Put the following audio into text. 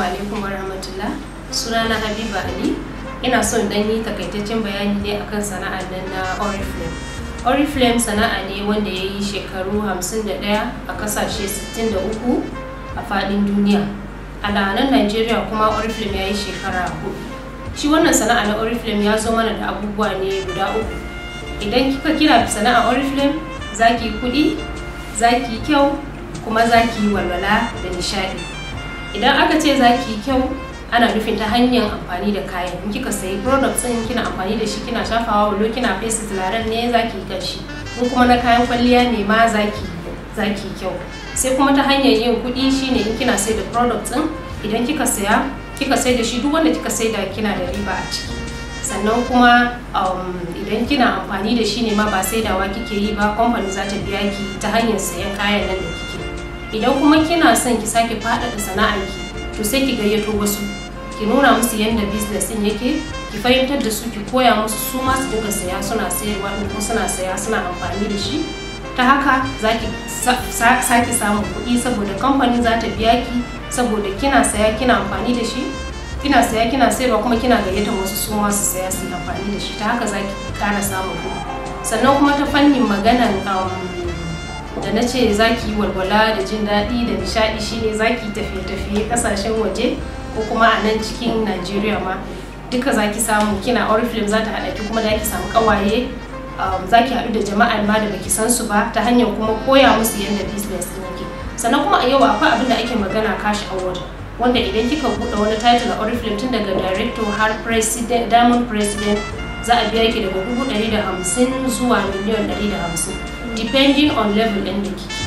alaikum warahmatullah sunana habiba ali ina son dan yi takaitaccen bayani ne akan sana'ar na oriflame oriflame sana'a ne wanda ya yi shekaru 51 a kasashe 63 a fadin duniya a nan nigeria kuma oriflame ya yi shekara 4 shi wannan sana'a na oriflame ya zo mana da abubuwa ne guda uku idan kika kira sana'a oriflame za ki yi kuɗi za ki kyau kuma za ki yi walwala da nishaɗi idan aka ce za ki yi kyau ana nufin ta hanyar amfani da kayan in kika sayi product ɗin kina amfani da shi kina shafawa walo kina fesa turaren ne za ki yi kanshi in kuma na kayan kwalliya ne ma za ki yi kyau sai kuma ta hanyar yin kuɗi shine in kina sai da product ɗin idan kika saya kika sai da shi duk wanda kika sai da kina da riba a ciki sannan kuma um, idan kina amfani da shi ne ma ba sai saidawa kike yi ba kamfani za ta biya ki ta hanyar sayan kayan nan da kike idan kuma kina son ki sake faɗaɗa sana'arki to sai ki gayyato wasu ki nuna musu yadda business din yake ki fahimtar da su ki koya musu su ma su dinga saya suna sayarwa ko suna saya suna amfani da shi ta haka za ki sake samun kuɗi saboda kamfanin za ta biya ki saboda kina saya kina amfani da shi kina saya kina sayarwa kuma kina gayyatar wasu su ma su saya su amfani da shi ta haka za ki ƙara samun kuɗi sannan kuma ta fannin maganar um, da na ce za ki yi walwala da jin daɗi da nishaɗi shine za ki tafiye-tafiye ƙasashen waje ko kuma a nan cikin najeriya ma duka za ki samu kina oriflame za ta haɗa ki kuma da ki samu ƙawaye za ki haɗu da jama'a ma da baki san su ba ta hanyar kuma koya musu yadda business ɗin yake sannan kuma a yau akwai abin da ake magana kashi award wanda idan kika buɗe wani title a oriflame tun daga director har president diamond president za a biya ki daga dubu ɗari da hamsin zuwa miliyan ɗari da hamsin depending on level and